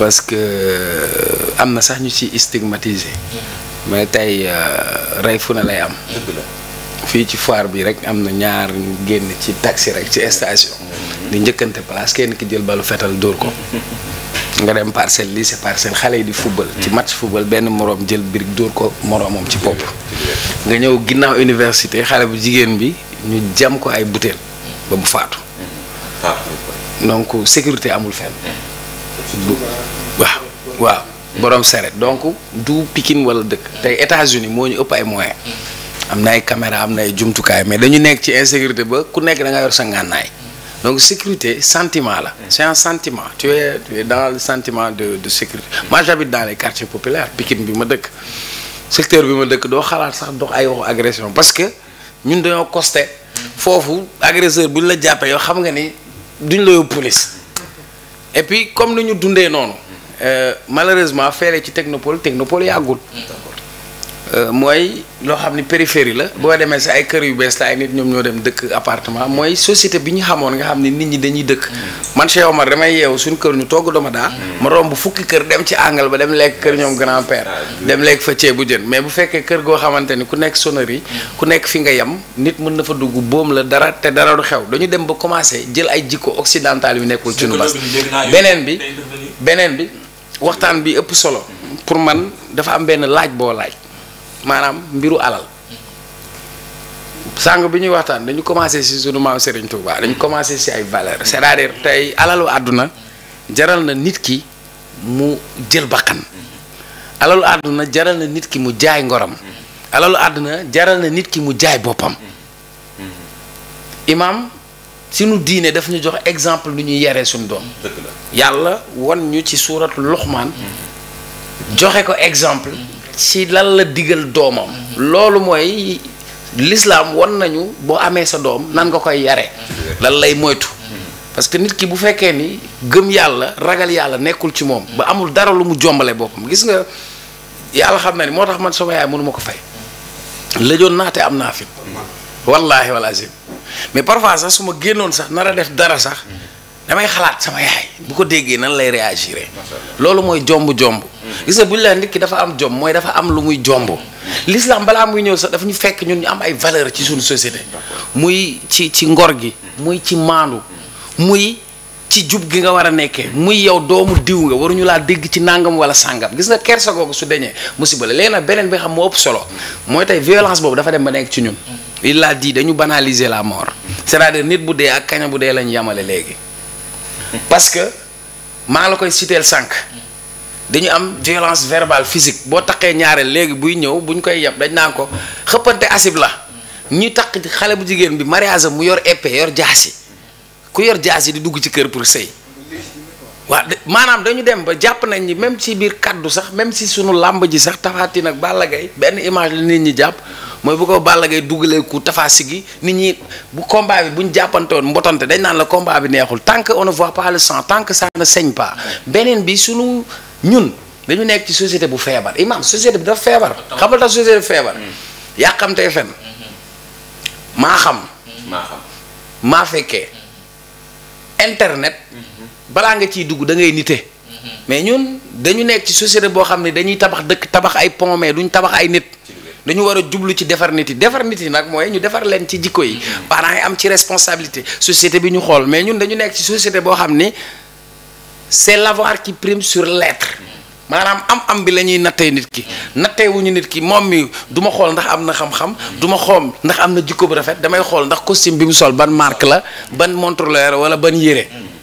parce que euh, am na sax ñu ci stigmatisé mais tey euh, rey fu na lay am fii ci foire bi rek am na ñaar ñu génn ci taxi rek ci station di njëkkante place kenn ki jël balu fetal dóor ko nga dem parcelle lii c'est parcelle xale yi di football ci match football benn moroom jël birig dóor ko moroomam ci bopp nga ñëw ginnaaw université xale bu jigéen bi ñu jam ko ay butéel ba mu faatu donc sécurité amul fenn waaw waaw borom saret donc du Pikine wala dëkk tey États-Unis moo ñu ëpp ay moyens am na ay caméra am na ay jumtukaay mais dañu nekk ci insécurité ba ku nekk da nga yor sa ngànnaay donc sécurité sentiment la c'est un sentiment tu dans le de de sécurité moi j'habite dans les quartiers populaires Pikine bi ma dëkk secteur bi ma dëkk doo xalaat sax dox ay waxu agression parce que ñun dañoo costé foofu bu buñ la jàppee yoo xam nga ni duñ la yóbbu police et puis comme ni ñu dundee noonu malheureusement feere ci technopole technopole yàggul Euh, mooy loo xam ni périphérie la boo demee si ay kër yu bees la ay nit ñoom ñoo dem dëkk appartement mooy société bi ñu xamoon nga xam ni nit ñi dañuy dëkk mm. man Cheikh ma damay yeew suñu kër ñu togg dama daa mm. moroom bu fukki kër dem ci àngal ba dem lekk kër ñoom grand père ah, dem lekk fa ceebu jën mais bu fekkee kër goo xamante ni ku nekk sonnerie mm. ku nekk fi nga yem nit mën na fa dugg boom la dara te dara du xew dañu dem ba commencé jël ay jikko occidental yu nekkul ci nu bas beneen bi beneen bi waxtaan bi ëpp solo pour man dafa am benn laaj boo laaj maanaam mbiru alal sàng bi ñuy waxtaan dañu commencé si sunu maam Serigne Touba dañu commencé si ay valeur c'est-à-dire tey alalu àdduna jaral na nit ki mu jël bakkan alalu àdduna jaral na nit ki mu jaay ngoram alalu àdduna jaral na nit ki mu jaay boppam imaam sunu diine daf ñu jox exemple lu ñuy yaree suñ doom yàlla won ñu ci suuratu Luqmaan mm-hmm. joxe ko exemple ci lan la digal doomam loolu mooy lislaam won nañu boo amee sa doom nan nga koy yare lan lay moytu parce que nit ki bu fekkee ni gëm yàlla ragal yàlla nekkul ci moom ba amul dara lu mu jombale boppam gis nga yàlla xam na ni moo tax man sama yaay mënu ko fay lëjoon naa te am naa fit wallaahi walaazim mais parfois sax su ma génnoon sax nar a def dara sax damay xalaat sama yaay bu ko déggee nan lay réagir loolu mooy jomb-jomb gis nga bu ñu la nit dafa am jomb mooy dafa am lu muy jomb l'islam balaa muy ñëw sax dafa ñu fekk ñun ñu am ay valeur ci suñu société muy ci ci ngor gi muy ci maandu muy ci jub gi nga war a nekkee muy yow doomu diw nga waruñu laa dégg ci nàngam wala sàngam gis nga kersa googu su deñee musiba la léegi nag beneen bi xam moo ëpp solo mooy tey violence boobu dafa dem ba nekk ci ñun il l'a dañu banaliser la mort c'est-à-dire nit bu dee ak kaña bu dee lañu yamale léegi parce que maa la koy citeel sànq. dañu am violence verbale physique boo taqee ñaareel léegi buy ñëw bu ñu koy yab dañ naan ko xëppante asib la ñu taq xale bu jigéen bi mariage mu yor épée yor jaasi ku yor jaasi di dugg ci kër pour sëy waaw maanaam dañu dem ba jàpp nañ ni même si biir kàddu sax même si suñu làmb ji sax Tapha Tine ak Balla benn image la nit ñi jàpp mooy bu ko Balla Gaye dugalee ku Tapha Tine nit ñi bu combat bi bu jàppante woon mbotante dañ naan la combat bi neexul tant que on ne voit pas le sang tant que ça ne saigne pas beneen bi sunu ñun dañu nekk ci société bu feebar imam société bi dafa feebar xam nga tax société bu feebar hmm. yàqamtey fen hmm. maa xam maa fekkee internet balaa nga ciy dugg da ngay nite mais ñun dañu nekk ci société boo xam ne dañuy tabax dëkk tabax ay pont mais duñ tabax ay nit dañu war a jublu ci defar nit yi defar nit yi nag mooy ñu defar leen ci jikko yi mm-hmm. parents yi am ci responsabilité société bi ñu xool mais ñun dañu nekk ci société boo xam ni c'est l'avoir qui prime sur l'être maanaam am-am bi la ñuy nattee nit ki nattee wuñu nit ki moom mi duma xool ndax am na xam-xam du ma ndax am na jikko bu rafet damay xool ndax costume bi mu sol ban marque la ban montre la wala ban yére